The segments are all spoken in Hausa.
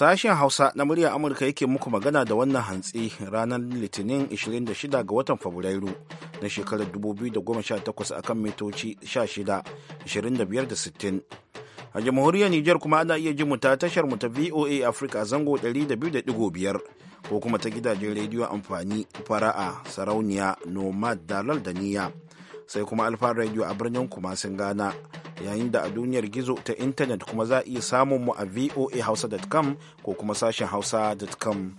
Sashen Hausa na muryar Amurka yake muku magana da wannan hantsi ranar Litinin 26 ga watan Fabrairu na shekarar 2018 kan mitoci 16, 25 da 60. A jamhuriyar Nijar kuma ana iya jin ta tashar mu ta VOA Africa zango 200.5 ko kuma ta gidajen rediyon amfani fara'a sarauniya nomad dalal da niyya. sai kuma alfa radio a birnin kumasin gana yayin da a duniyar gizo ta intanet kuma za a iya samun mu a voahausa.com ko kuma sashen hausa.com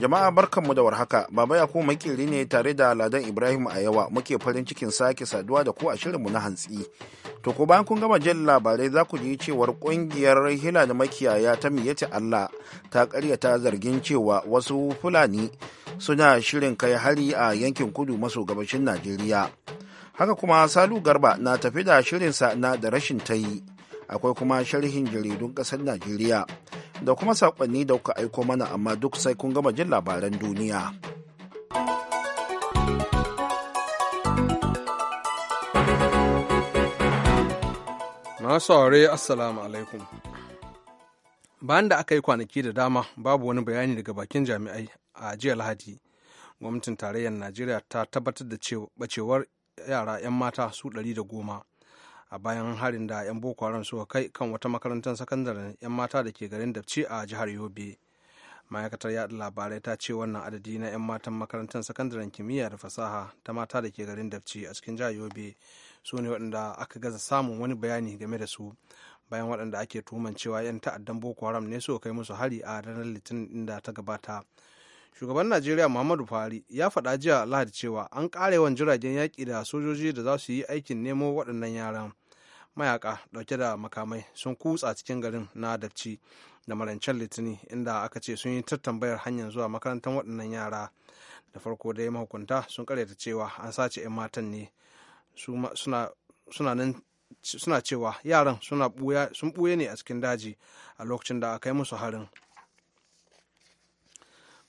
jama'a barkanmu da warhaka baba yakubu makili ne tare da ladan ibrahim a yawa muke farin cikin sake saduwa da ku a shirinmu na hantsi to ko bayan kun gama jin labarai za ku ji cewar kungiyar hila da makiyaya ta miyati allah ta karyata zargin cewa wasu fulani suna shirin kai hari a yankin kudu maso gabashin najeriya haka kuma salu garba na tafi da shirinsa na da rashin ta yi akwai kuma sharhin jaridun ƙasar najeriya da kuma saƙonni da kuka aiko mana amma duk sai kun gama jin labaran duniya. Masu saurare Assalamu alaikum. Bayan da aka yi kwanaki da dama babu wani bayani daga bakin jami'ai a jiya Lahadi, gwamnatin tarayyar Najeriya ta tabbatar da bacewar yara 'yan mata su ɗari da goma a bayan harin da 'yan Boko Haram suka kai kan wata makarantar sakandaren 'yan mata da ke garin Dabci a jihar Yobe. ma'aikatar yaɗa labarai ta ce wannan adadi na 'yan matan makarantar sakandaren kimiyya da fasaha ta mata da ke garin dabci a cikin jihar yobe su ne waɗanda aka gaza samun wani bayani game da su bayan waɗanda ake tuhuman cewa 'yan ta'addan boko haram ne su kai musu hari a ranar litinin inda ta gabata shugaban najeriya muhammadu buhari ya faɗa jiya lahadi cewa an ƙara yawan jiragen yaƙi da sojoji da za su yi aikin nemo waɗannan yaran mayaka ɗauke da makamai sun kutsa cikin garin na dabci da marancen litini inda aka ce sun yi tattambayar hanyar zuwa makarantar waɗannan yara da farko dai mahukunta sun karyata cewa an sace 'yan matan ne suna cewa yaran sun ɓuya ne a cikin daji a lokacin da aka yi musu harin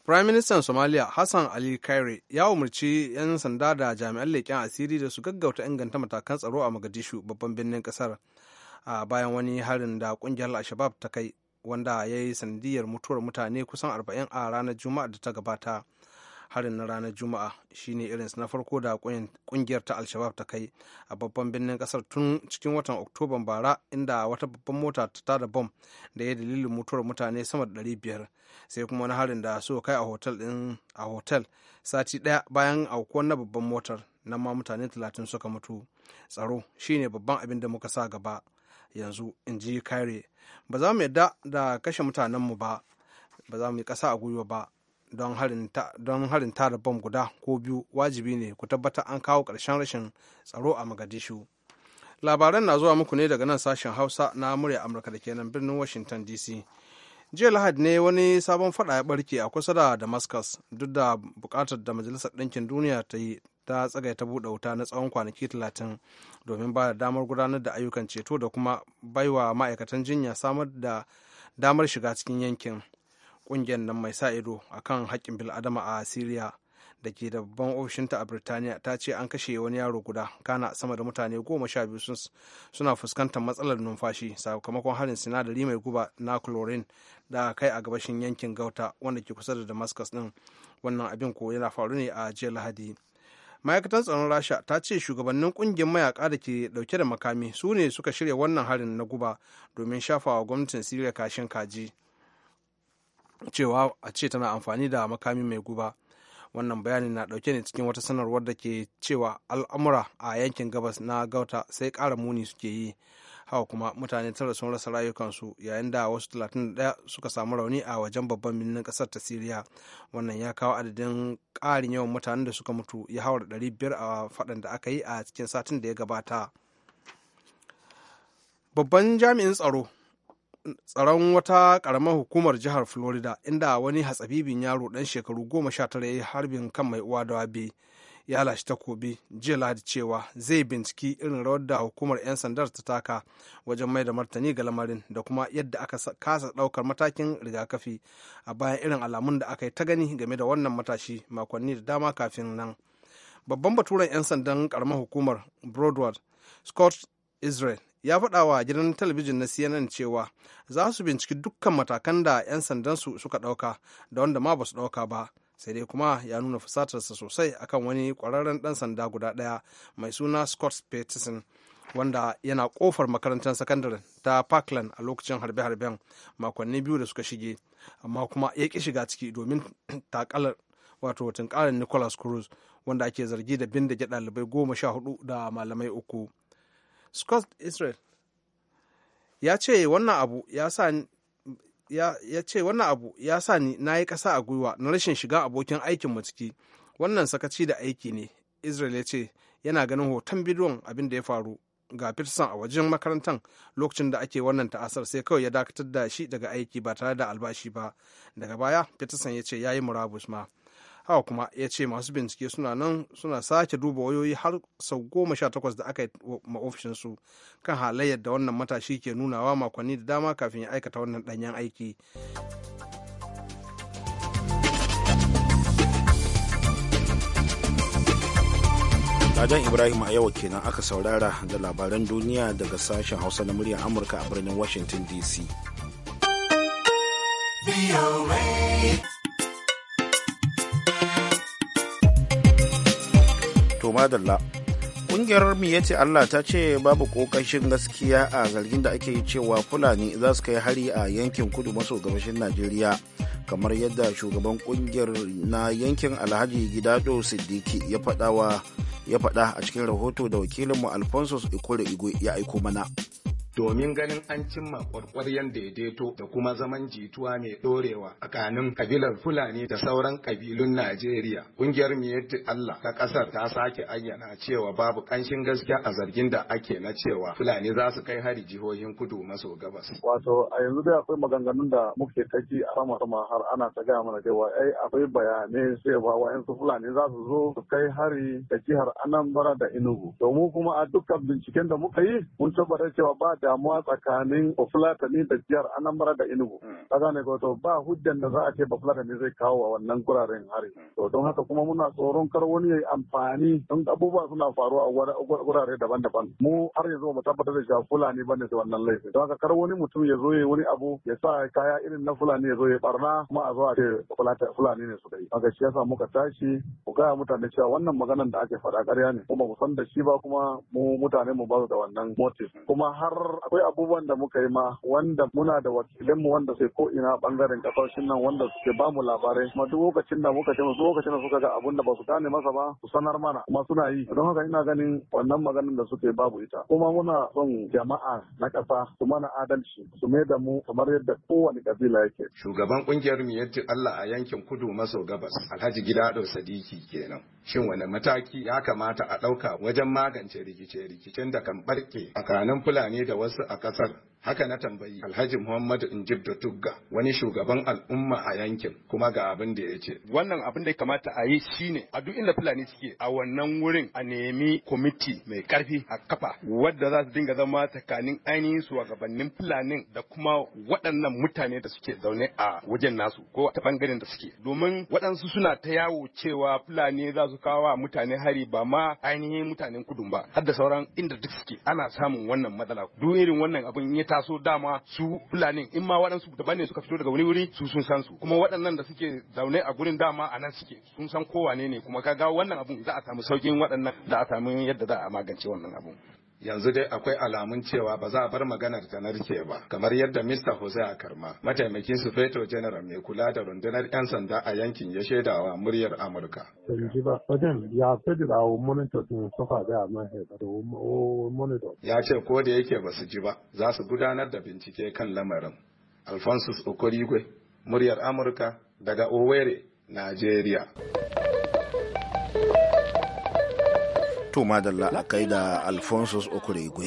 Prime Minister Somalia Hassan Ali Kaire ya umarci 'yan sanda da jami'an leƙen asiri da su gaggauta inganta matakan tsaro a Mogadishu babban birnin ƙasar a bayan wani harin da ƙungiyar al ta kai wanda ya yi sandiyar mutuwar mutane kusan 40 a ranar Juma'a da ta gabata. harin na ranar juma'a shine irinsu na farko da kungiyar ta alshabab ta kai a babban birnin kasar tun cikin watan oktoban bara inda wata babban mota ta tada bom da ya dalilin mutuwar mutane sama da biyar sai kuma wani harin da suka kai a hotel sati ɗaya bayan aukuwar na babban motar nan ma mutane talatin suka mutu tsaro shine babban abin da muka sa gaba yanzu in ji kare ba za mu yarda da kashe mutanenmu ba ba za mu yi ƙasa a gwiwa ba don harin tara bom guda ko biyu wajibi ne ku tabbatar an kawo ƙarshen rashin tsaro a magadishu labaran na zuwa muku ne daga nan sashen hausa na murya amurka da kenan birnin washington dc jiya lahadi ne wani sabon fada ya barke a kusa da damascus duk da bukatar da majalisar ɗinkin duniya ta yi ta tsagai ta buɗe wuta na tsawon kwanaki talatin domin ba da damar gudanar da ayyukan ceto da kuma baiwa ma'aikatan jinya samar da damar shiga cikin yankin kungiyar nan mai sa ido a kan haƙƙin bil'adama a Siriya da ke da babban ofishinta a Birtaniya ta ce an kashe wani yaro guda kana sama da mutane goma sha biyu suna fuskantar matsalar numfashi sakamakon harin sinadari mai guba na chlorine da kai a gabashin yankin Gauta wanda ke kusa da Damascus din wannan abin ko yana faru ne a jiya Lahadi. ma'aikatan tsaron rasha ta ce shugabannin kungiyar mayaka da ke dauke da makami su ne suka shirya wannan harin na guba domin shafawa gwamnatin siriya kashin kaji cewa a ce tana amfani da makami mai guba wannan bayanin na dauke ne cikin wata sanarwar da ke cewa al'amura a yankin gabas na gauta sai ƙara muni suke yi hawa kuma mutane tara sun rasa rayukansu yayin da wasu 31 suka samu rauni a wajen babban birnin kasar ta siriya wannan ya kawo adadin karin yawan mutanen da suka mutu ya haura 500 a faɗan da aka yi a cikin satin da ya gabata babban jami'in tsaro tsaron wata karamar hukumar jihar florida inda wani hatsabibin yaro dan shekaru goma sha tara ya yi harbin kan mai uwa da wabe ya lashe takobi jiya lahadi cewa zai binciki irin rawar da hukumar 'yan sandar ta taka wajen mai da martani ga lamarin da kuma yadda aka kasa daukar matakin rigakafi a bayan irin alamun da aka yi ta gani game da wannan matashi makonni da dama kafin nan babban baturen 'yan sandan karamar hukumar broadward scott israel ya faɗa wa gidan talabijin na cnn cewa za su binciki dukkan matakan da 'yan sandansu suka ɗauka da wanda ma ba su ɗauka ba sai dai kuma ya nuna fusatarsa sosai akan wani kwararren ɗan sanda guda ɗaya mai suna scott peterson wanda yana ƙofar makarantar sakandare ta parkland a lokacin harbe-harben makonni biyu da suka shige amma kuma ya ƙi shiga ciki domin takalar wato tunkarar nicholas cruz wanda ake zargi da da ɗalibai goma sha hudu da malamai uku scott israel ya ce wannan abu ya sa ya ce wannan abu ya sa ni na yi ƙasa a gwiwa na rashin shiga abokin aikin mu ciki wannan sakaci da aiki ne israel ya ce yana ganin hoton bidiyon abin da ya faru ga peterson a wajen makarantar lokacin da ake wannan ta'asar sai kawai ya dakatar da shi daga aiki ba tare da albashi ba daga baya peterson ya ce ya yi murabus ma haka kuma ya ce masu bincike suna nan suna sake duba wayoyi har sau goma sha takwas da aka yi ma ofishinsu kan halayyar da wannan matashi ke nunawa makonni da dama kafin ya aikata wannan danyen aiki dajan Ibrahim a yau kenan aka saurara da labaran duniya daga sashen Hausa na muryar Amurka a birnin Washington DC. to madalla kungiyar mu ya ce allah ta ce babu kokashin gaskiya a zargin da ake cewa fulani za su kai hari a yankin kudu maso gabashin najeriya kamar yadda shugaban kungiyar na yankin alhaji gidado siddiki ya faɗa a cikin rahoto da wakilinmu alfonso ikure igwe ya aiko mana domin ganin an cimma 'yan daidaito da kuma zaman jituwa mai dorewa tsakanin kabilar Fulani da sauran kabilun Najeriya. Kungiyar Miyetti Allah ta ƙasar ta sake ayyana cewa babu ƙanshin gaskiya a zargin da ake na cewa Fulani za su kai hari jihohin kudu maso gabas. Wato a yanzu dai akwai maganganun da muke taki a sama sama har ana ta gaya mana cewa ai akwai bayanai cewa wa'yansu Fulani za su zo su kai hari da jihar Anambra da Enugu. To mu kuma a dukkan binciken da muka yi mun tabbatar cewa ba da damuwa tsakanin ni da jihar Anambra da Enugu. Hmm. Ka gane ko to ba hujjan da za a ce Bafulatani zai kawo a wannan guraren hari. Hmm. To don haka kuma muna tsoron kar wani yayi amfani don abubuwa suna faruwa a gurare daban-daban. Mu har yanzu mu tabbatar da cewa Fulani bane da wannan laifin. Don haka kar wani mutum ya zo ya wani abu ya sa kaya irin na Fulani ya zo ya barna kuma a zo a ce Fulani ne suka yi. Haka shi yasa muka tashi mu gaya mutane cewa wannan maganan da ake faɗa ƙarya ne kuma mu san da shi ba kuma mu mutane mu ba da wannan motive hmm. kuma har akwai abubuwan da muka yi ma wanda muna da mu wanda sai ko ina bangaren kasashen nan wanda suke ba mu labarai kuma duk lokacin da muka lokacin da suka ga abun da ba su gane masa ba su sanar mana kuma suna yi don haka ina ganin wannan maganin da suke babu ita kuma muna son jama'a na ƙasa su mana adalci su mai da mu kamar yadda kowane kabila yake shugaban kungiyar miyatti Allah a yankin kudu maso gabas Alhaji Gidado Sadiki kenan shin wani mataki ya kamata a ɗauka wajen magance rikice-rikicen da kan barke tsakanin Fulani da wasu a casar. haka na tambayi alhaji muhammadu injib da tugga wani shugaban al'umma a yankin kuma ga abin da ya ce wannan abin da ya kamata a yi shine a duk inda fulani suke a wannan wurin a nemi kwamiti mai karfi a kafa wadda za su dinga zama tsakanin ainihin gabanin fulanin da kuma waɗannan mutane da suke zaune a wajen nasu ko ta bangaren da suke domin waɗansu suna ta yawo cewa fulani za su kawo mutane hari ba ma ainihin mutanen kudun ba har da sauran inda duk suke ana samun wannan matsala duk irin wannan abin ya taso dama su fulani in ma waɗansu daban ne suka fito daga wani wuri su sun san su kuma waɗannan da suke zaune a gurin dama a nan suke sun san kowane ne kuma ka ga wannan abun za a samu saukin waɗannan za a samu yadda za a magance wannan abun yanzu dai akwai alamun cewa ba za a bar maganar ta narke ba kamar yadda Mr. Jose karma, mataimakin su feto general mai kula da rundunar 'yan sanda a yankin ya shaidawa muryar Amurka. Ya ce ko da yake ba su ji ba za su gudanar da bincike kan lamarin. Alphonsus Okorigwe, muryar Amurka daga Owerri, Najeriya. To madalla a kai da Alphonsus Okuregwe.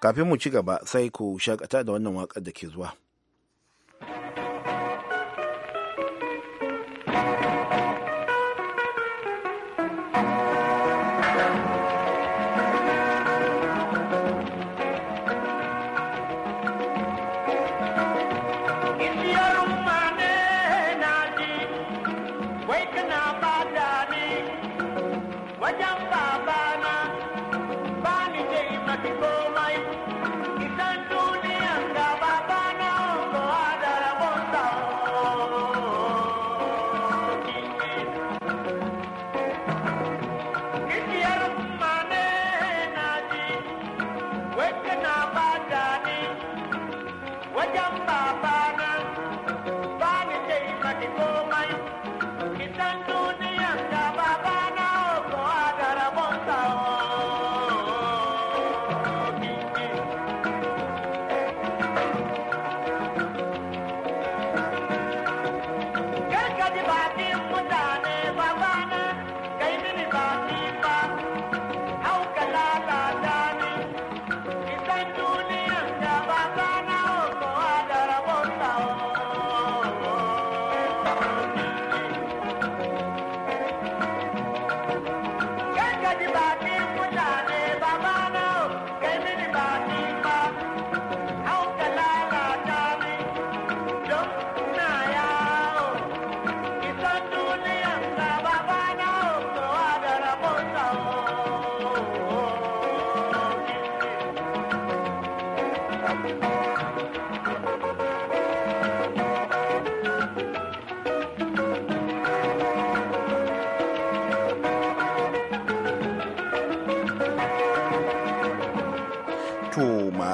Kafin mu ci gaba sai ku shakata da wannan waƙar da ke zuwa.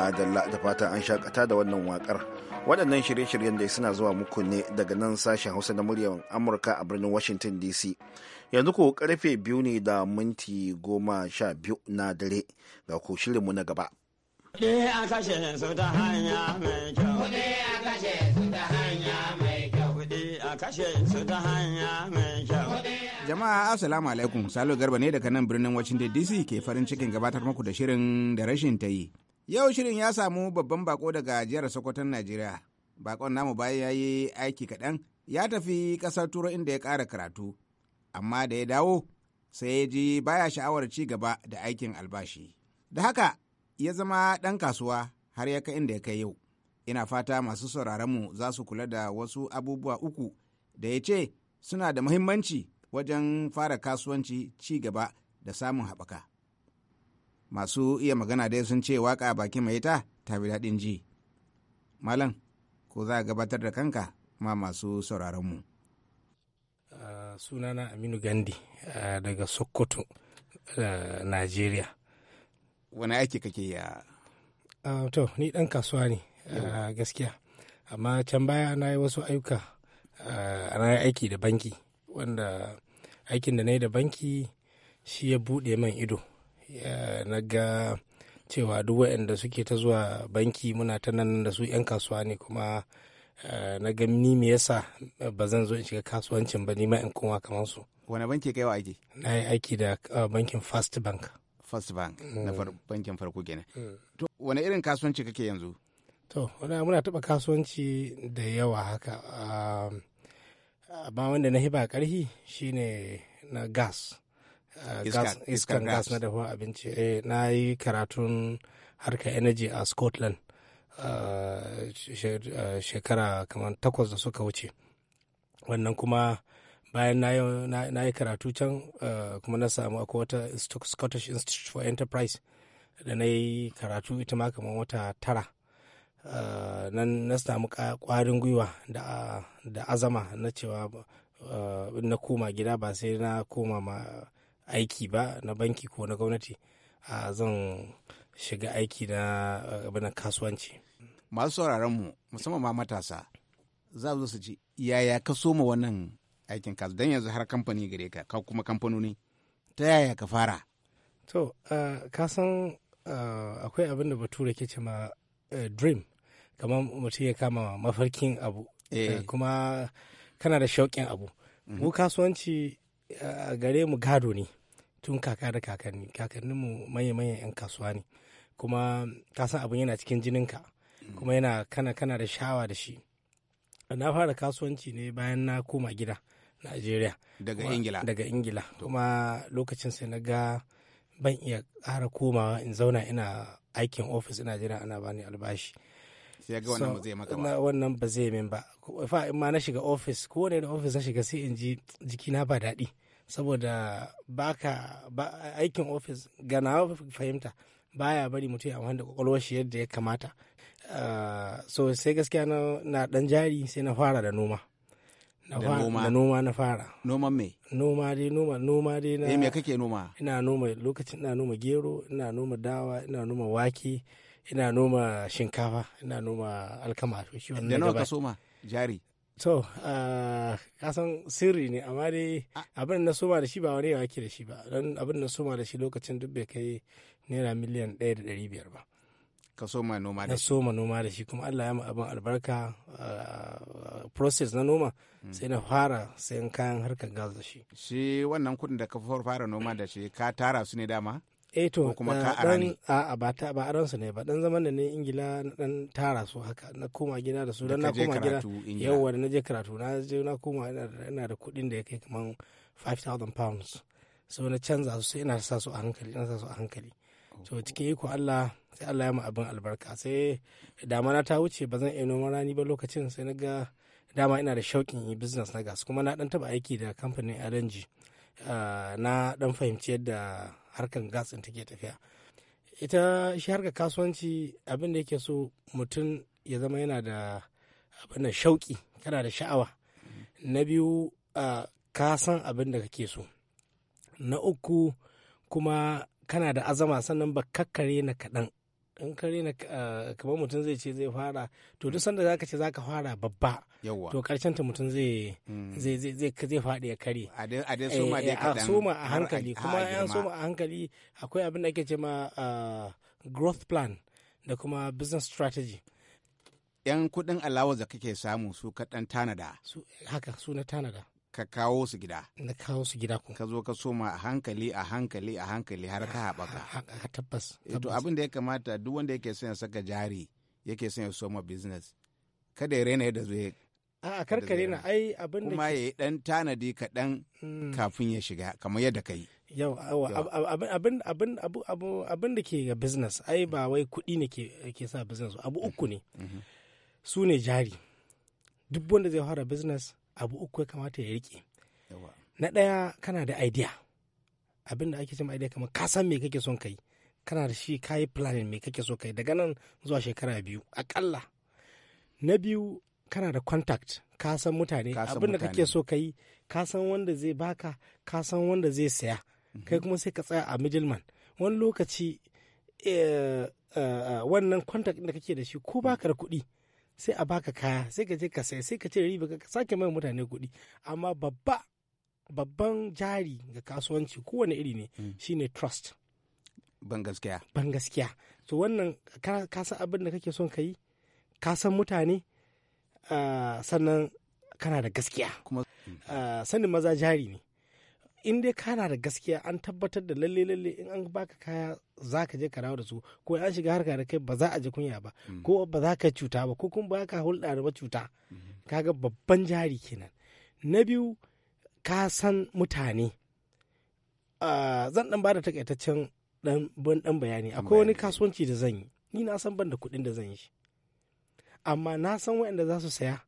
madalla da fatan an shakata da wannan wakar waɗannan shirye-shiryen da suna zuwa muku ne daga nan sashen hausa na muryar amurka a birnin washington dc yanzu ko karfe biyu ne da minti goma sha biyu na dare ga ku shirinmu na gaba Jama'a Assalamu alaikum Salo Garba ne daga nan birnin Washington DC ke farin cikin gabatar muku da shirin da rashin ta yi. Yau shirin ya samu babban bako daga jihar Sokoton Najeriya. Bakon namu bayan ya yi aiki kaɗan ya tafi ƙasar turo inda ya ƙara karatu, amma da ya dawo sai ya ji baya sha'awar ci gaba da aikin albashi. Da haka ya zama ɗan kasuwa har ya kai inda ya kai yau. Ina fata masu sauraronmu za su kula da wasu abubuwa uku da ya ce suna da muhimmanci wajen fara kasuwanci ci gaba da samun haɓaka. masu iya magana dai sun ce waka bakin mai ta ta bi daɗin ji malam ko za a gabatar da kanka ma masu sauraronmu sunana aminu gandi daga sokoto nigeria wani aiki kake ya to ni dan kasuwa ne gaskiya amma can baya na yi wasu ayyuka na yi aiki da banki wanda aikin da na yi da banki shi ya buɗe man ido na ga cewa duk waɗanda suke ta zuwa banki muna ta nan da su 'yan kasuwa ne kuma eh, na ga ni me yasa ba zan zo in shiga kasuwancin ba ni ma in kuma kamar su wani banki kai wa aiki na yi aiki da eh, bankin first bank first bank na mm. bankin farko kenan mm. to wani irin kasuwanci kake yanzu to wani muna taɓa kasuwanci da yawa haka ah, amma wanda na hiba karhi shine na gas Uh, iskan gas na dafa abinci eh, na yi karatun harkar energy a scotland uh, uh, shekara kamar takwas da suka wuce wannan kuma bayan na yi karatu can kuma na samu akwai wata scottish institute for enterprise da na yi karatu ita ma kamar wata tara nan na samu kwarin gwiwa da azama na cewa na koma gida ba sai na koma ma aiki ba na banki ko na gwamnati a zan shiga aiki na abin kasuwanci masu sauraron mu musamman ma matasa za su su ji yaya ka soma wannan aikin kasu don yanzu har kamfani gare ka ka kuma kamfanoni ta yaya ka fara to ka san akwai abin da bature ke ce ma dream kamar mutum ya kama mafarkin abu eh. kuma kana da shauƙin abu mu mhm. kasuwanci a gare mu gado ne tun kaka da kakanni mu manya-manyan 'yan kasuwa ne kuma kasan abin yana cikin jininka kuma yana kana kana da shawa da shi na fara kasuwanci ne bayan na koma gida najeriya daga ingila daga ingila kuma lokacin sai na ga ban iya ƙara komawa in zauna ina aikin ofis ina jira ana bani albashi sai ga wannan ba zai wannan ba zai min ba fa in ma na shiga ofis ko ne da ofis na shiga sai in ji jikina ba daɗi saboda baka ba, aikin ofis ga na fahimta baya bari mutum ya amfani da kwakwalwar shi yadda ya kamata uh, so sai gaskiya na, na dan jari sai na fara da noma da noma noma na fara Noma me noma dai noma noma dai na eh, me kake noma ina noma lokacin ina noma gero ina noma dawa ina noma wake ina noma shinkafa ina noma alkama to shi wannan da nawa ka soma jari To, kasan sirri ne, amma dai abin na soma da shi ba wani yawa ke da shi ba, don abin na soma da shi lokacin duk bai kai naira miliyan ɗaya da ɗari biyar ba. Ka soma noma da shi? soma noma da shi, kuma Allah ya ma abin albarka process na noma mm. sai na fara sayan kayan harkar gas da shi. Shi wannan kudin da ka fara noma da shi, ka tara su ne dama? eto eh ko a eh, ba ta ba aran su ne ba dan zaman da ne ingila na dan tara su haka na koma gida da su dan na koma gida yawa da na je karatu na je na koma ina da kuɗin da ya kai kaman 5000 pounds so na canza su sai ina sa su a hankali ina sa su a hankali to cikin iko Allah sai Allah ya mu abin albarka sai na ta wuce bazan zan iya noman rani ba lokacin sai na ga dama ina da shauƙin yi business na gas kuma na dan taba aiki da kamfanin LNG ah, na dan fahimci yadda harkar gas ɗin take tafiya ita shi harkar kasuwanci abin da yake so mutum ya zama yana da abin da shauƙi kana da sha'awa na biyu ka san abin da kake so na uku kuma kana da azama sannan ba kakkare na kaɗan in ka rena ah, kamar mutum zai ce zai fara to duk sanda zaka ce zaka fara babba yawa to karshen ta mutum mm. zai zai zai zai faɗi ya kare a dai soma dai eh, kadan soma a hankali kuma an soma a hankali akwai abin da ake ce ma ah, growth plan da kuma business strategy yan kudin alawa da kake samu su kadan tanada haka su na tanada ka kawo su gida na kawo su gida ko ka zo ka soma a hankali a hankali a hankali har ka haɓaka A tabbas eh, to abin da ya kamata duk wanda yake son ya saka jari yake son ya soma business kada ya raina yadda zai a karkare na ai abin da kuma ya yi ɗan tanadi kaɗan hmm. kafin ya shiga kamar yadda ka yi yau abin da ke ga business ai ba wai kuɗi ne ke sa business abu uku ne mm-hmm. su ne jari duk wanda zai fara business abu uku ya kamata ya rike na ɗaya kana da idea abin da ake cewa idea kamar ka san me kake son kai kana da shi ka yi planning me kake so kai daga nan zuwa shekara biyu akalla na biyu kana da contact ka san mutane abin da kake so kai ka san wanda zai baka ka san wanda zai saya mhm. kai kuma sai ka tsaya a middleman wani lokaci eh, eh, eh, wannan contact da kake da shi ko baka da kuɗi sai a baka kaya sai ka je ka sai sai ka ce riba ka sake mai mutane kuɗi amma babba babban jari ga kasuwanci kowane iri ne mm. shine trust ban gaskiya ban gaskiya to wannan ka san abin da kake son ka yi ka san mutane ah, sannan kana da gaskiya kuma ah, sanin maza jari ne in dai kana da gaskiya an tabbatar da lalle lalle in an baka kaya za ka je ka dawo da su ko an shiga harka da kai ba za a ji kunya ba mm. ko ba za ka cuta ba ko kuma ba ka hulɗa da cuta mm-hmm. kaga babban jari kenan na biyu ka san mutane ah, zan dan bada takaitaccen dan dan bayani akwai wani kasuwanci da zan yi ni na san ban da kuɗin da zan yi amma na san waɗanda za su saya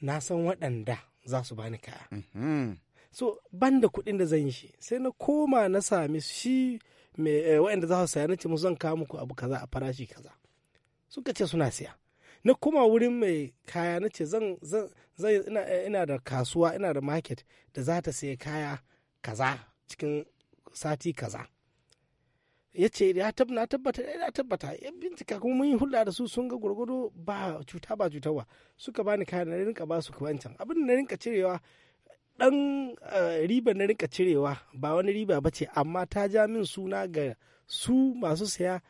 na san waɗanda za su bani kaya mm-hmm. so ban da kuɗin da zan yi shi sai na koma na sami shi mai eh, waɗanda za su saya na ce musu zan kawo muku abu kaza a farashi kaza suka ce suna siya na koma wurin mai kaya na ce zan eh, ina da kasuwa ina da market da za ta sayi kaya kaza cikin sati kaza ya ce ya tabbata ya eh, tabbata ya bincika kuma mun yi hulɗa da su sun ga gwargwado ba cuta ba cuta ba suka bani kaya na rinka ba su kwancan abin da na rinka cirewa ɗan eh, riba na rika cirewa ba wani riba ba ce amma ta ja min suna ga su masu saya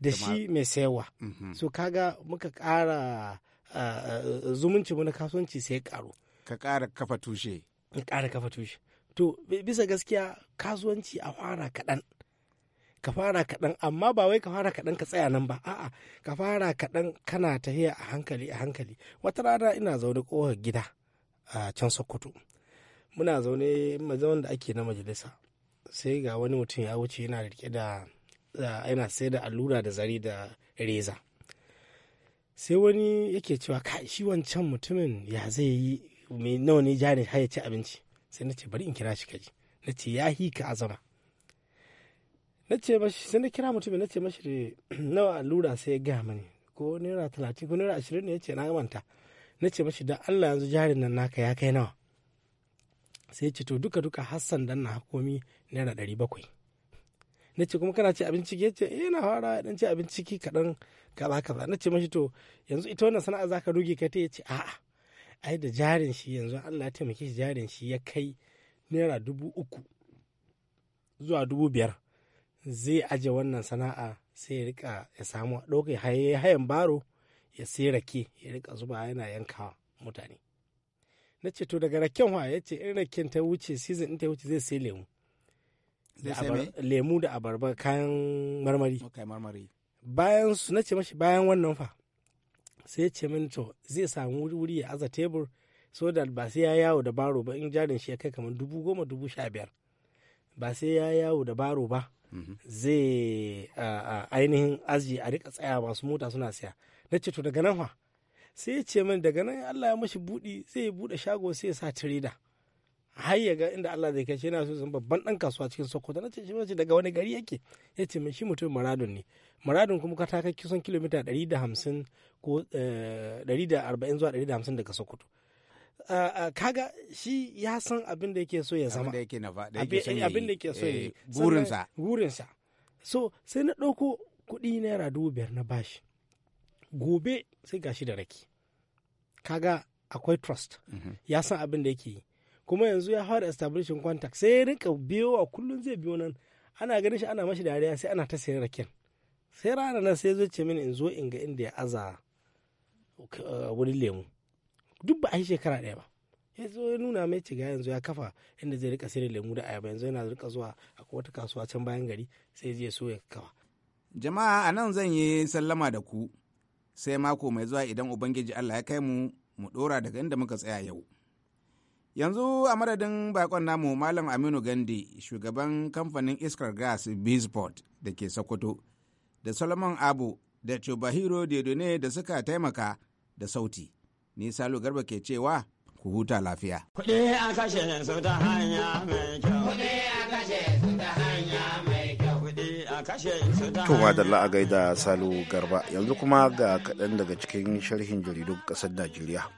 da shi mai sayarwa mhm. so kaga muka ƙara eh, zumunci na kasuwanci sai ƙaru ka ƙara kafa tushe ka ƙara kafa tushe to bisa gaskiya kasuwanci a fara kaɗan ka fara kaɗan amma ba wai ka fara kaɗan ka tsaya nan ba a'a ka fara kaɗan kana tahiya a hankali a hankali wata rana ina zaune kowa gida a can sokoto muna zaune mazaun da ake na majalisa sai ga wani mutum ya wuce yana rike da yana sai da allura da zari da reza sai wani yake cewa ka shi wancan mutumin ya zai yi mai nawa ne jari har ya ci abinci sai na ce bari in kira shi kaji na ce ya hi ka azama na ce mashi sai na kira mutumin na ce mashi nawa allura sai ya gaya mani ko naira talatin ko naira ashirin ne ya ce na manta na ce mashi da allah yanzu jarin nan naka ya kai nawa sai ce to duka duka hassan dan na komi naira ɗari bakwai na ce kuma kana ci abinci ya ce eh na fara dan ci abinci ki kaɗan kaza kaza na ce mashi to yanzu ita wannan sana'a za ka ruge ka ta ya ce a'a ai da jarin shi yanzu Allah ya taimake shi jarin shi ya kai naira dubu uku zuwa dubu biyar zai aje wannan sana'a sai ya rika ya samu ɗauka hayan baro ya sai rake ya rika zuba yana yankawa mutane na ce to daga raken wa ya ce in raken ta wuce season in ta wuce zai sai lemu lemu da abarba kayan marmari bayan su na ce mashi bayan wannan fa sai ce min to zai samu wuri ya aza tebur so da ba sai ya yawo da baro ba in jarin shi ya kai kamar dubu goma dubu sha biyar ba sai ya yawo da baro ba mhm. zai ainihin aji a rika tsaya masu mota suna siya na ce to daga nan fa sai ya ce min daga nan Allah ya mashi buɗi sai ya buɗe shago sai ya sa tireda har ya ga inda Allah zai kai shi yana so zan babban dan kasuwa cikin Sokoto na ce shi mace daga wani gari yake ya ce min shi mutum Maradun ne Maradun kuma ka taka kusan kilomita 150 ko 140 eh, zuwa 150 daga Sokoto kaga shi ya san abin da yake so ya zama abin da yake so ya eh, burinsa burinsa so sai na ɗauko kuɗi naira dubu biyar na bashi gobe sai gashi da rake kaga akwai trust mhm. ya san abin da yake yi kuma yanzu ya fara establishing contact sai ya rinka biyo a kullum zai biyo nan ana ganin shi ana mashi dariya sai ana ta sayar raken sai rana nan sai zuce mini in zo in ga inda ya aza uh, wurin lemu duk ba a yi shekara daya ba ya zo ya nuna mai ciga yanzu ya kafa inda zai rika sayar lemu da ayaba yanzu yana rika zuwa a wata kasuwa can bayan gari sai zai so ya kafa jama'a a nan zan yi sallama da ku sai mako mai zuwa idan ubangiji allah ya kai mu mu dora daga inda muka tsaya yau yanzu a madadin bakon namu malam aminu gandi shugaban kamfanin iskar gas bisport da ke sokoto da solomon abu da chubahiro dedone da suka taimaka da sauti ni salo garba ke cewa ku huta lafiya kuɗi an kashe ne ta hanya mai kyau To madalla a gaida Salu Garba yanzu kuma ga kaɗan daga cikin sharhin jaridun ƙasar Najeriya.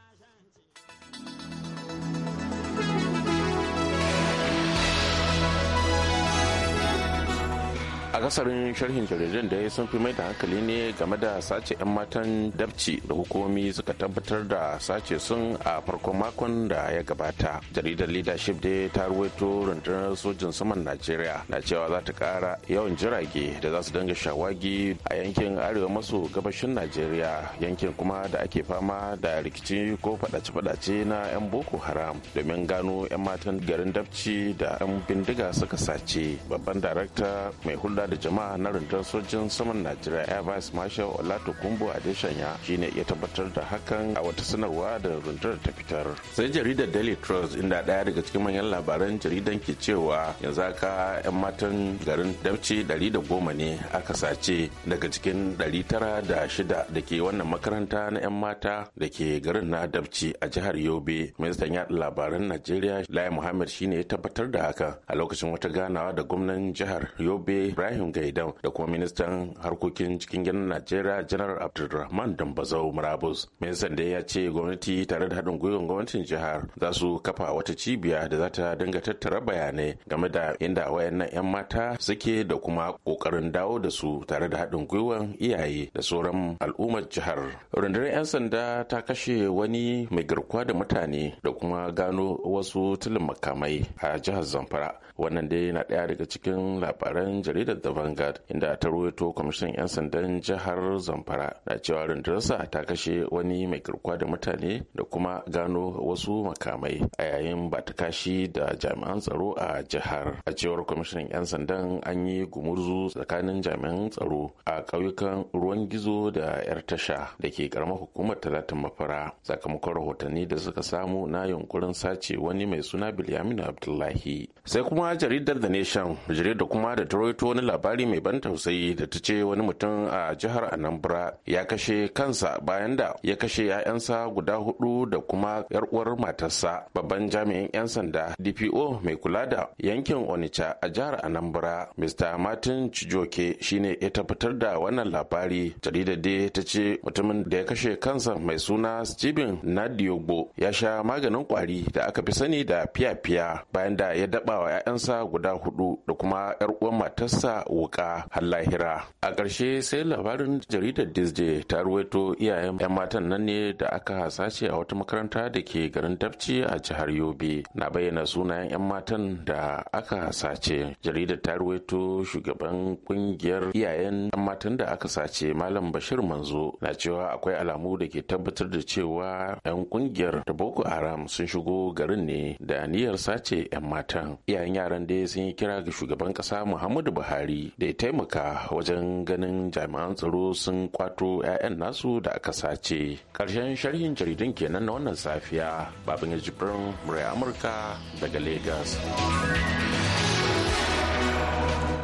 akasarin sharhin jaridun da sun fi mai da hankali ne game da sace 'yan matan dabci da hukumomi suka tabbatar da sace sun a farkon makon da ya gabata jaridar leadership ya ta ruwaito rundunar sojin saman najeriya na cewa za ta kara yawan jirage da za su dinga shawagi a yankin arewa maso gabashin najeriya yankin kuma da ake fama da rikici ko fadace-fadace na 'yan boko haram domin gano 'yan matan garin dabci da 'yan bindiga suka sace babban darakta mai hulɗa da jama'a na rundunar sojin saman najeriya air vice marshal olatokunbo Adesanya, shine ya tabbatar da hakan a wata sanarwa da rundunar ta fitar sai jaridar daily trust inda daya daga cikin manyan labaran jaridan ke cewa yanzu aka 'yan matan garin dabci 110 ne aka sace daga cikin 906 da ke wannan makaranta na 'yan mata da ke garin na dabci a jihar yobe ministan yaɗa labaran najeriya lai muhammad shine ya tabbatar da haka a lokacin wata ganawa da gwamnan jihar yobe ibrahim ibrahim gaidan da kuma ministan harkokin cikin gidan najeriya janar abdulrahman dambazau murabus ministan da ya ce gwamnati tare da haɗin gwiwar gwamnatin jihar za su kafa wata cibiya da za ta dinga tattara bayanai game da inda wayannan 'yan mata suke da kuma ƙoƙarin dawo da su tare da haɗin gwiwar iyaye da sauran al'ummar jihar rundunar 'yan sanda ta kashe wani mai garkuwa da mutane da kuma gano wasu tilin makamai a jihar zamfara wannan dai na ɗaya daga cikin labaran jaridar the vanguard inda ta ruwaito kwamishin 'yan sandan jihar zamfara na cewa rundunarsa ta kashe wani mai kirkwa da mutane da kuma gano wasu makamai a yayin ba ta kashi da jami'an tsaro a jihar a cewar kwamishin 'yan sandan an yi gumurzu tsakanin jami'an tsaro a ƙauyukan ruwan gizo da 'yar tasha da ke karamar hukumar talatin mafara sakamakon rahotanni da suka samu na yunkurin sace wani mai suna bilyamin abdullahi sai kuma jaridar The Nation jaridar kuma da ta rawaito wani labari mai ban tausayi da ta ce wani mutum a jihar Anambra ya kashe kansa bayan da ya kashe 'ya'yansa guda hudu da kuma yar uwar matarsa babban jami'in 'yan sanda DPO mai kula da yankin Onitsha a jihar Anambra Mr. Martin Chijoke shine ya tabbatar da wannan labari jaridar dai ta ce mutumin da ya kashe kansa mai suna Stephen Nadiogo ya sha maganin kwari da aka fi sani da fiya-fiya bayan da ya daba wa 'ya'yan 'ya'yansa guda hudu da kuma 'yar uwan matarsa wuka har lahira a ƙarshe sai labarin jaridar disney ta ruwaito iyayen 'yan matan nan ne da aka sace a wata makaranta da ke garin dabci a jihar yobe na bayyana sunayen 'yan matan da aka sace jaridar ta ruwaito shugaban kungiyar iyayen 'yan matan da aka sace malam bashir manzo na cewa akwai alamu da ke tabbatar da cewa 'yan kungiyar da boko haram sun shigo garin ne da niyyar sace 'yan matan iyayen yaran da sun yi kira ga shugaban kasa muhammadu buhari da ya taimaka wajen ganin jami'an tsaro sun kwato 'ya'yan nasu da aka sace karshen sharhin jaridun kenan na wannan safiya babin jibrin murai amurka daga lagos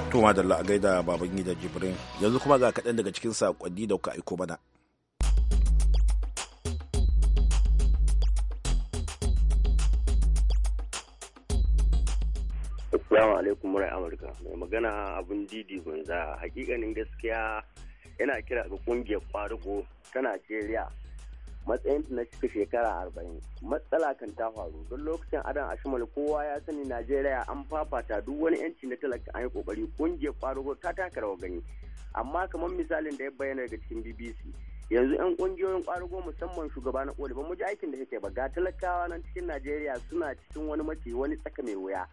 Tuma da la'agai da baban jibrin yanzu kuma ga kaɗan daga cikin saƙonni da kuka aiko mana Assalamu alaikum murai Amurka. Mai magana abun didi gunza. Hakikanin gaskiya yana kira ga kungiyar kwarugo ta Najeriya matsayin na cika shekara arba'in matsala kan ta faru don lokacin adam ashimal kowa ya sani najeriya an fafata duk wani yanci na talaka an yi kokari kungiyar kwarugo ta taka rawa gani amma kamar misalin da ya bayyana daga cikin bbc yanzu yan kungiyoyin kwarugo musamman shugaba na koli ba mu aikin da yake ba ga talakawa nan cikin najeriya suna cikin wani mace wani tsaka mai wuya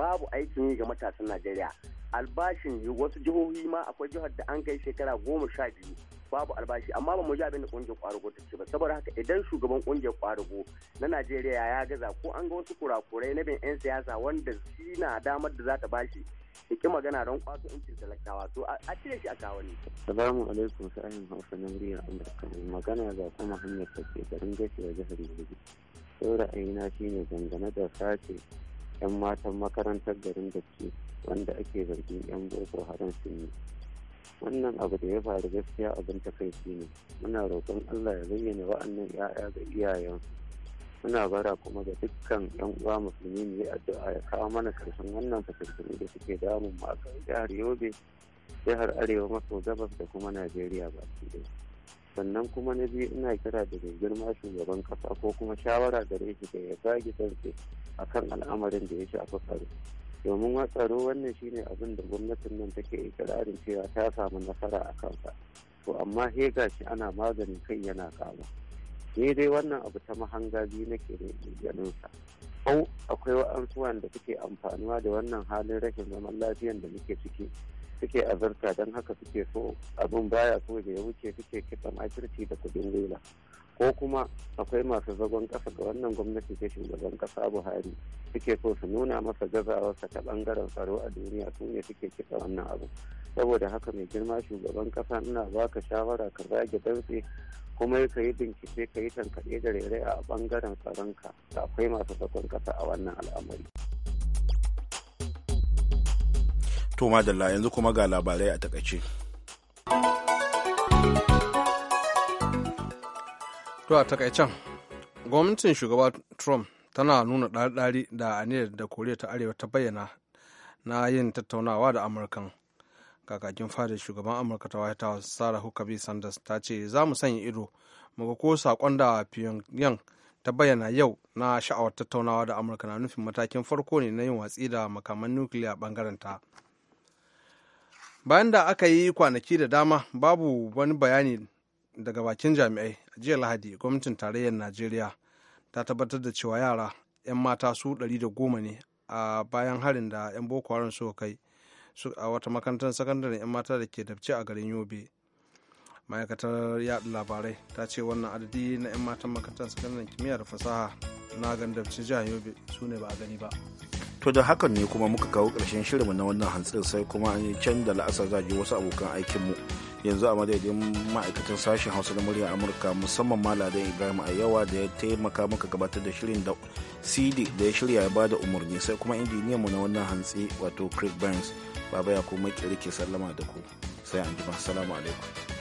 babu aikin yi ga matasan najeriya albashin wasu jihohi ma akwai jihar da an kai shekara goma sha biyu babu albashi amma ba mu ji abin da kungiyar kwarugo ta ce ba saboda haka idan shugaban kungiyar kwarugo na najeriya ya gaza ko an ga wasu kurakurai na bin yan siyasa wanda shi na damar da za ta bashi ya ki magana don kwato inci talakawa to a cire shi a kawani. salamu alaikum sa'ayin hausa na murya amurka magana ga kuma hanyar tafiye garin gashi da jihar yobe. sau ra'ayina shine dangane da sace 'yan matan makarantar garin da ke wanda ake zargin 'yan boko haram sun yi wannan abu da ya faru gaskiya abin takaici ne muna roƙon allah ya zayyana wa'annan 'ya'ya ga iyayen muna bara kuma ga dukkan 'yan uwa musulmi ne addu'a ya kawo mana karshen wannan fasassani da suke damun mu a jihar yobe jihar arewa maso gabas da kuma najeriya ba ɗaya sannan kuma na biyu ina kira da girma shugaban kasa ko kuma shawara gare shi da ya zagi sarki akan al'amarin da ya a tsaro domin watsaro tsaro wannan shine abin da gwamnatin nan take ikirarin cewa ta samu nasara a kansa to amma he gashi ana magani kai yana kama ni dai wannan abu ta mahanga biyu nake ganin ganinsa au akwai wa'ansu wanda suke amfanuwa da wannan halin rashin zaman lafiyan da muke ciki suke azarta don haka suke so abin baya so da ya wuce suke kitsa makirci da kudin wela ko kuma akwai masu zagon kasa ga wannan gwamnati ke shugaban ƙasa buhari suke so su nuna masa gazawarsa ta bangaren tsaro a duniya su ne suke kisa wannan abu saboda haka mai girma shugaban kasa ina baka shawara ka zage dantse kuma ka yi bincike ka yi tankaɗe da rere a tsaron tsaronka da akwai masu zagon kasa a wannan al'amari. To madalla yanzu kuma ga labarai a takaice. to a takaicen gwamnatin shugaba trump tana nuna ɗari-ɗari da aniyar da koriya ta arewa ta bayyana na yin tattaunawa da amurkan kakakin fadar shugaban amurka ta white house sarah huckabee sanders ta ce za mu sanya ido muga ko sakon da pyongyang ta bayyana yau na sha'awar tattaunawa da amurka na nufin matakin farko ne na yin watsi da makaman nukiliya bangaren ta bayan da aka yi kwanaki da dama babu wani bayani daga bakin jami'ai jiya lahadi gwamnatin tarayyar najeriya ta tabbatar da cewa yara 'yan mata su 110 ne a bayan harin da 'yan boko haram suka kai a wata makarantar sakandare 'yan mata da ke dabce a garin yobe ma'aikatar yaɗa labarai ta ce wannan adadi na 'yan matan makarantar sakandaren kimiyya da fasaha na gandabci jihar yobe su ne ba a gani ba to da hakan ne kuma muka kawo ƙarshen shirinmu na wannan hantsin sai kuma an yi can da la'asar zagi wasu abokan aikinmu yanzu a madadin ma'aikatan sashen hausa na murya amurka musamman maladen ibrahim ayawa da ya taimaka muka gabatar da shirin da cd da ya shirya ya bada umarni sai kuma injiniyanmu na wannan hantsi wato craig burns baba ya kuma ke sallama da ku sai an jima salamu alaikum